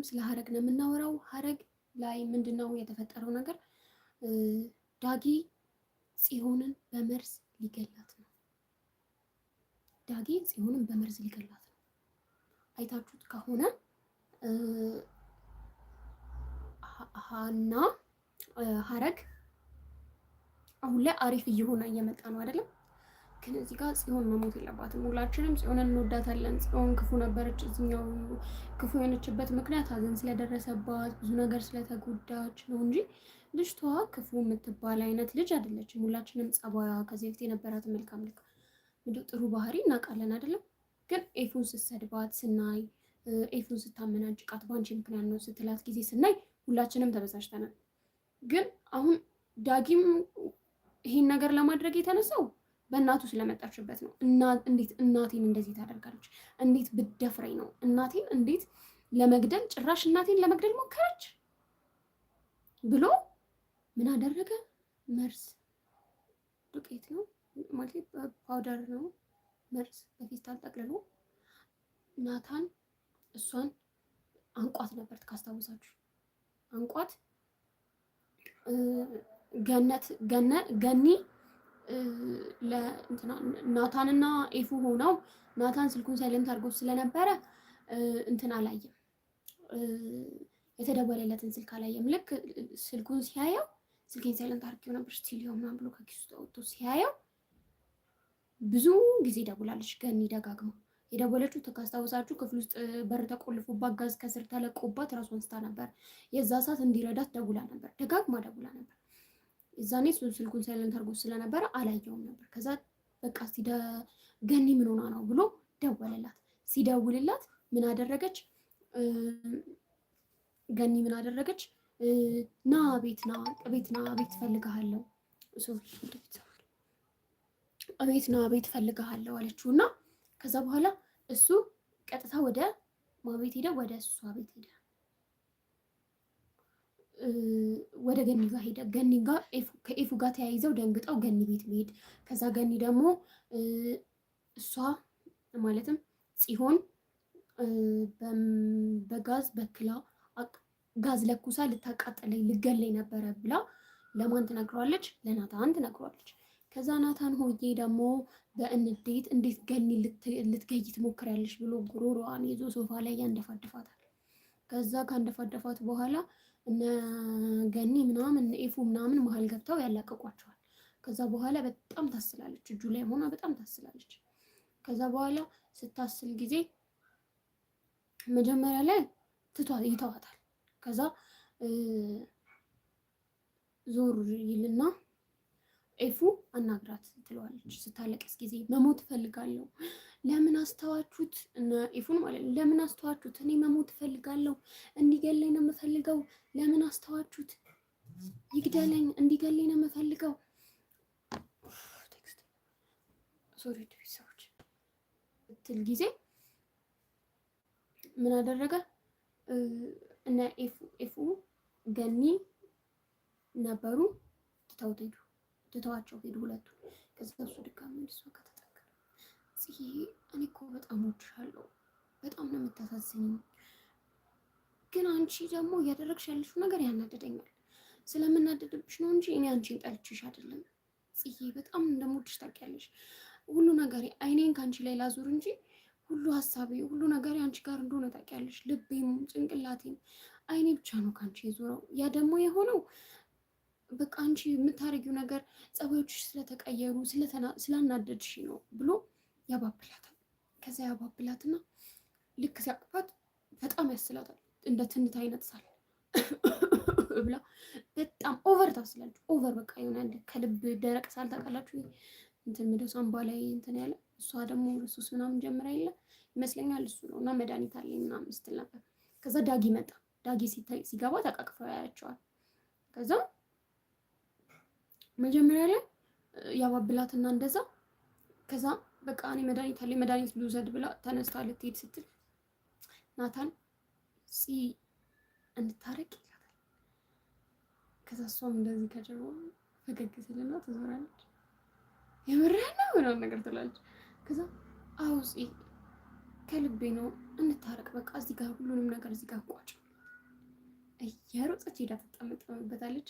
ዛሬም ስለ ሀረግ ነው የምናወራው። ሀረግ ላይ ምንድን ነው የተፈጠረው ነገር? ዳጊ ጽሆንን በመርዝ ሊገላት ነው። ዳጊ ጽሆንን በመርዝ ሊገላት ነው። አይታችሁት ከሆነ ሀና ሀረግ አሁን ላይ አሪፍ እየሆነ እየመጣ ነው አይደለም ግን እዚህ ጋር ጽዮን መሞት የለባትም። ሁላችንም ጽዮንን እንወዳታለን። ጽዮን ክፉ ነበረች። እዚኛው ክፉ የሆነችበት ምክንያት ሐዘን ስለደረሰባት ብዙ ነገር ስለተጎዳች ነው እንጂ ልጅቷ ክፉ የምትባል አይነት ልጅ አይደለችም። ሁላችንም ጸባያ፣ ከዚህ በፊት የነበራት መልካም ልክ ጥሩ ባህሪ እናውቃለን አይደለም። ግን ኤፉን ስትሰድባት ስናይ፣ ኤፉን ስታመናጭቃት በአንቺ ምክንያት ነው ስትላት ጊዜ ስናይ ሁላችንም ተበሳጭተናል። ግን አሁን ዳጊም ይህን ነገር ለማድረግ የተነሳው በእናቱ ስለመጣችበት ነው። እንዴት እናቴን እንደዚህ ታደርጋለች? እንዴት ብደፍረኝ ነው? እናቴን እንዴት ለመግደል ጭራሽ እናቴን ለመግደል ሞከረች ብሎ ምን አደረገ? መርዝ ዱቄት ነው ማለት ፓውደር ነው። መርዝ በፌስታል ጠቅልሎ ናታን እሷን አንቋት ነበር ካስታወሳችሁ፣ አንቋት ገነት ገነ ገኒ ናታንና ኤፉ ሆነው ናታን ስልኩን ሳይለንት አድርጎ ስለነበረ እንትን አላየም፣ የተደወለለትን ስልክ አላየም። ልክ ስልኩን ሲያየው ስልኬን ሳይለንት አድርጌው ነበር ስቲሊዮ ምናምን ብሎ ከኪሱ ወጥቶ ሲያየው ብዙ ጊዜ ደውላለች ገኒ ደጋግማ የደወለችው ካስታወሳችሁ ክፍል ውስጥ በር ተቆልፎባት ጋዝ ከስር ተለቆባት ራሱ ስታ ነበር። የዛ ሰዓት እንዲረዳት ደውላ ነበር፣ ደጋግማ ደውላ ነበር። እዛኔ እሱን ስልኩን ሳይለንት አርጎ ስለነበረ አላየውም ነበር። ከዛ በቃ ገኒ ምን ሆና ነው ብሎ ደወለላት። ሲደውልላት ምን አደረገች? ገኒ ምን አደረገች? ና ቤት ና ቤት ና ቤት ፈልግሃለሁ ቤት ና ቤት ፈልግሃለሁ አለችው እና ከዛ በኋላ እሱ ቀጥታ ወደ ማቤት ሄደ፣ ወደ እሷ ቤት ሄደ። ወደ ገኒ ጋር ሄደ። ገኒ ጋር ከኤፉ ጋር ተያይዘው ደንግጠው ገኒ ቤት መሄድ ከዛ ገኒ ደግሞ እሷ ማለትም ጽሆን በጋዝ በክላ ጋዝ ለኩሳ ልታቃጠለኝ ልገለኝ ነበረ ብላ ለማን ትነግሯለች ለናታን ትነግሯለች። ከዛ ናታን ሆዬ ደግሞ በእንዴት እንዴት ገኒ ልትገይ ትሞክሪያለሽ ብሎ ጉሮሮዋን ይዞ ሶፋ ላይ ያንደፋደፋታል። ከዛ ካንደፋደፋት በኋላ እነ ገኒ ምናምን ኢፉ ምናምን መሀል ገብተው ያላቀቋቸዋል። ከዛ በኋላ በጣም ታስላለች፣ እጁ ላይ ሆና በጣም ታስላለች። ከዛ በኋላ ስታስል ጊዜ መጀመሪያ ላይ ትቷ ይተዋታል። ከዛ ዞር ይልና ኤፉ አናግራት ትለዋለች ስታለቅስ ጊዜ መሞት እፈልጋለሁ። ለምን አስተዋችሁት? ኤፉን ማለት ነው። ለምን አስተዋችሁት? እኔ መሞት እፈልጋለሁ። እንዲገለኝ ነው የምፈልገው። ለምን አስተዋችሁት? ይግደለኝ። እንዲገለኝ ነው የምፈልገው። ሶሪ ሰዎች ትል ጊዜ ምን አደረገ? እነ ኤፉ ገኒ ነበሩ ትተውት ሄዱ። ትተዋቸው ሄዱ ሁለቱ። ከዛ እሱ ድጋሚ ወደ እሷ ጋር ጽጌ እኔ እኮ በጣም ወድሻለሁ፣ በጣም ነው የምታሳዝኝ፣ ግን አንቺ ደግሞ እያደረግሽ ያለሽው ነገር ያናደደኛል። ስለምናደድብሽ ነው እንጂ እኔ አንቺን ጠልችሽ አይደለም። ጽጌ በጣም እንደምወድሽ ታውቂያለሽ። ሁሉ ነገር አይኔን ከአንቺ ላይ ላዙር እንጂ ሁሉ ሀሳቤ ሁሉ ነገር አንቺ ጋር እንደሆነ ታውቂያለሽ። ልቤም ጭንቅላቴም አይኔ ብቻ ነው ከአንቺ የዞረው። ያ ደግሞ የሆነው በቃ አንቺ የምታደርጊው ነገር ጸባዮችሽ ስለተቀየሩ ስላናደድሽ ነው ብሎ ያባብላታል። ከዛ ያባብላትና ልክ ሲያቅፋት በጣም ያስላታል። እንደ ትንት አይነት ሳል ብላ በጣም ኦቨር ታስላለች። ኦቨር በቃ ይሆናል። ከልብ ደረቅ ሳል ታውቃላችሁ፣ እንትን ምደሱ አምባ ላይ እንትን ያለ እሷ ደግሞ ልሱስ ምናምን ጀምራ የለ ይመስለኛል እሱ ነው እና መድኃኒት አለኝ ምናምን ስትል ነበር። ከዛ ዳጊ መጣ። ዳጊ ሲገባ ተቃቅፈው ያያቸዋል። ከዛም መጀመሪያ ላይ ያባብላትና እንደዛ ከዛ በቃ እኔ መድኃኒት አለኝ መድኃኒት ልውሰድ ብላ ተነስታ ልትሄድ ስትል ናታን ፂ እንታረቅ ይላታል። ከዛ እሷም እንደዚህ ከጀርባ ፈገግ ስልና ትዞራለች። የምርህን ነው ምናምን ነገር ትላለች። ከዛ አዎ ፂ ከልቤ ነው እንታረቅ፣ በቃ እዚህ ጋር ሁሉንም ነገር እዚህ ጋር ቋጭ። እየሮጠች ሄዳ ትጠመጠምበታለች።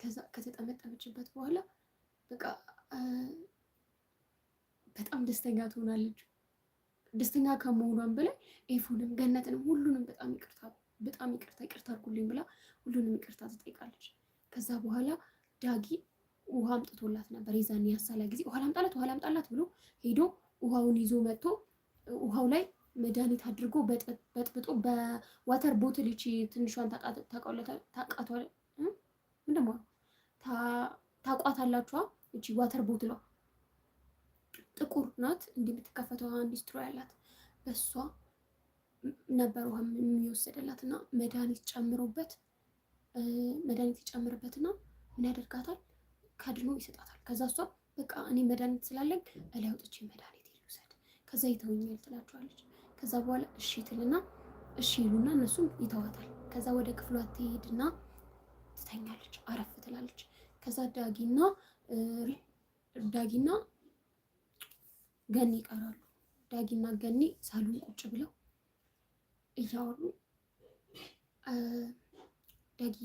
ከዛ ከተጠመጠመችበት በኋላ በቃ በጣም ደስተኛ ትሆናለች። ደስተኛ ከመሆኗን በላይ ኤፉንም ገነትንም ሁሉንም በጣም ይቅርታ በጣም ይቅርታ ይቅርታ አድርጉልኝ ብላ ሁሉንም ይቅርታ ትጠይቃለች። ከዛ በኋላ ዳጊ ውሃ አምጥቶላት ነበር። የዛን ያሳላ ጊዜ ውሃ ላምጣላት ውሃ ላምጣላት ብሎ ሄዶ ውሃውን ይዞ መጥቶ ውሃው ላይ መድኃኒት አድርጎ በጥብጦ በዋተር ቦትል ይቺ ትንሿን ታቃቷል ምንድን ታቋታላችኋ? እቺ ዋተር ቦትሏ ጥቁር ናት፣ እንዲህ የምትከፈተው አንድ ስትሮ ያላት በሷ ነበር ውሃ የሚወሰደላት እና መድኃኒት ጨምሮበት መድኃኒት ይጨምርበት እና ምን ያደርጋታል? ከድኖ ይሰጣታል። ከዛ እሷ በቃ እኔ መድኃኒት ስላለኝ እላይ አውጥቼ መድኃኒት ይውሰድ፣ ከዛ ይተውኛል ትላቸዋለች። ከዛ በኋላ እሺ ትልና እሺ ይሉና እነሱም ይተዋታል። ከዛ ወደ ክፍሏ ትሄድና ትተኛለች፣ አረፍ ትላለች። ከዛ ዳጊና ዳጊና ገኒ ይቀራሉ። ዳጊና ገኒ ሳሎን ቁጭ ብለው እያወሩ ዳጊ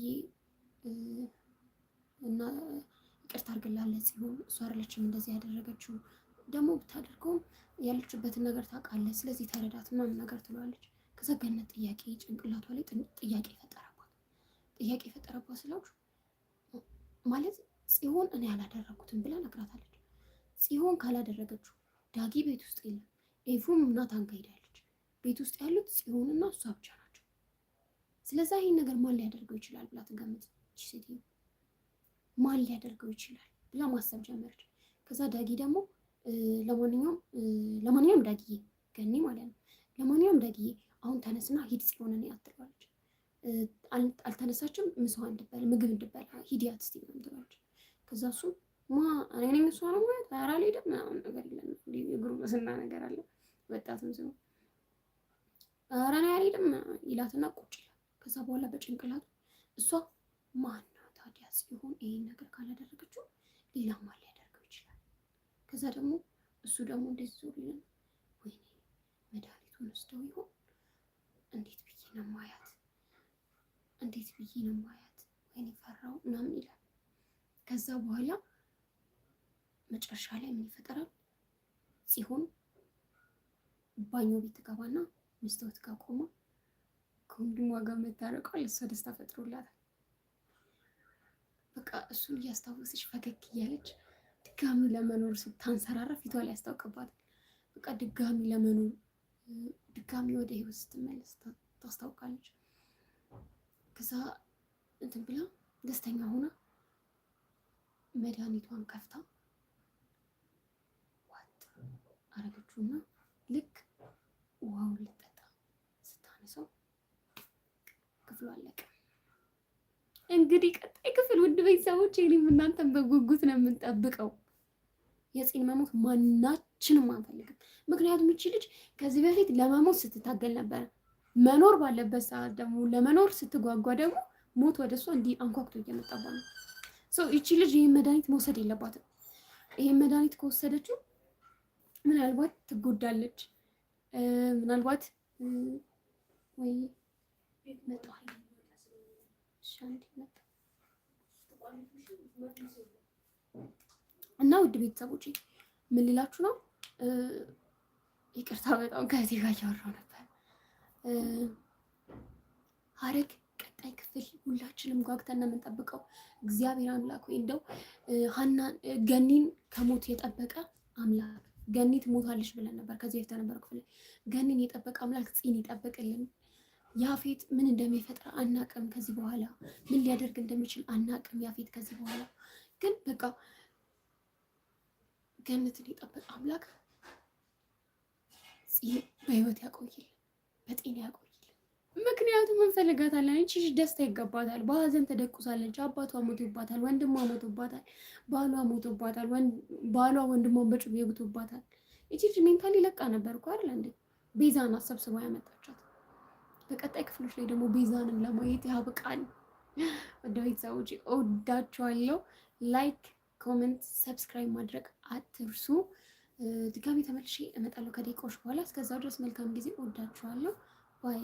እና ይቅርታ አድርግላለች ሲሆን እሷ አይደለችም እንደዚህ ያደረገችው ደግሞ ብታደርገውም ያለችበትን ነገር ታውቃለች። ስለዚህ ተረዳት ምናምን ነገር ትለዋለች። ከዛ ገነት ጥያቄ ጭንቅላቷ ላይ ጥያቄ ይፈጠራል። ጥያቄ የፈጠረባት ስላችሁ ማለት ጽሆን እኔ ያላደረኩትም ብላ ነግራታለች። ጽሆን ካላደረገችው ዳጊ ቤት ውስጥ የለም። ኤፉም ናታን ጋር ሄዳለች። ቤት ውስጥ ያሉት ጽሆንና እሷ ብቻ ናቸው። ስለዛ ይህን ነገር ማን ሊያደርገው ይችላል ብላ ትገምታለች። ሴትዮ ማን ሊያደርገው ይችላል ብላ ማሰብ ጀመረች። ከዛ ዳጊ ደግሞ ለማንኛውም ለማንኛውም ዳጊዬ ገኒ ማለት ነው ለማንኛውም ዳጊዬ አሁን ተነስና ሂድ ጽዮንን አትለዋለች። አልተነሳችም፣ ምሳዋ እንድበል ምግብ እንድበላ ሂዲያት ያት እስኪ ከዛ እሱ ማ እኔ እሷ ነው ማለት ኧረ አልሄድም ምናምን ነገር የለም የጉርምስና ነገር አለ ወጣትም ሲሆን ኧረ እኔ አልሄድም ይላትና ቁጭ ይላል። ከዛ በኋላ በጭንቅላቱ እሷ ማና ታዲያ ሲሆን ይሄን ነገር ካላደረገችው ሌላ ማ ሊያደርገው ይችላል? ከዛ ደግሞ እሱ ደግሞ እንደዚህ ዞር ይላል። ወይኔ መድኃኒቱን ወስደው ይሆን እንዴት ብዬ ነው ማያት እንዴት ብዬ ነው ማያት ወይን የፈራው ምናምን ይላል። ከዛ በኋላ መጨረሻ ላይ ምን ይፈጠራል? ሲሆን ባኞ ቤት ገባና መስታወት ጋር ቆማ ከወንድሟ ጋር መታረቋ ለእሷ ደስታ ፈጥሮላታል። በቃ እሱን እያስታወሰች ፈገግ እያለች ድጋሚ ለመኖር ስታንሰራራ ፊቷ ላይ ያስታውቅባታል። በቃ ድጋሚ ለመኖር ድጋሚ ወደ ህይወት ስትመለስ ታስታውቃለች። ከዛ እንትን ብላ ደስተኛ ሆና መድኃኒቷን ከፍታ ዋጥ አረገችውና ልክ ውሃው ልጠጣ ስታነሰው ክፍሉ አለቀ። እንግዲህ ቀጣይ ክፍል ውድ ቤተሰቦች እኔም እናንተን በጉጉት ነው የምንጠብቀው። የፂን መሞት ማናችንም አንፈልግም። ምክንያቱም እቺ ልጅ ከዚህ በፊት ለመሞት ስትታገል ነበረ። መኖር ባለበት ሰዓት ደግሞ ለመኖር ስትጓጓ ደግሞ ሞት ወደ እሷ እንዲህ አንኳክቶ እየመጣባ ነው። ሰው ይቺ ልጅ ይህን መድኃኒት መውሰድ የለባትም። ይህን መድኃኒት ከወሰደችው ምናልባት ትጎዳለች። ምናልባት ወይ እና ውድ ቤተሰቦች ምን ነው? ይቅርታ በጣም ከዚህ ጋር እያወራሁ ነበር። ሀረግ ቀጣይ ክፍል ሁላችንም ጓግተን ነው የምንጠብቀው። እግዚአብሔር አምላክ ወይ እንደው ሀና ገኒን ከሞት የጠበቀ አምላክ ገኒ ትሞታለች ብለን ነበር ከዚህ በፊት የነበረው ክፍል። ገኒን የጠበቀ አምላክ ጽን ይጠብቅልን። ያፌት ምን እንደሚፈጥር አናቅም። ከዚህ በኋላ ምን ሊያደርግ እንደሚችል አናቅም። ያፌት ከዚህ በኋላ ግን በቃ ገነትን የጠበቀ አምላክ ጽ በህይወት ያቆይልን። ምክንያቱም እንፈልጋታለን። አንቺ ደስታ ይገባታል። በሀዘን ተደቁሳለች። አባቷ ሞቶባታል፣ ወንድሟ ሞቶባታል፣ ባሏ ሞቶባታል፣ ባሏ ወንድሟን በጩቤ ይግቶባታል። እቺ ልጅ ሜንታሊ ለቃ ነበር እኮ አይደል እንዴ? ቤዛን አሰብስባ ያመጣቻት። በቀጣይ ክፍሎች ላይ ደግሞ ቤዛንም ለማየት ያብቃል። ወደ ቤተሰቦች እወዳችኋለሁ። ላይክ፣ ኮመንት፣ ሰብስክራይብ ማድረግ አትርሱ። ድጋሚ ተመልሼ እመጣለሁ ከደቂቃዎች በኋላ። እስከዛው ድረስ መልካም ጊዜ። እወዳችኋለሁ። ባይ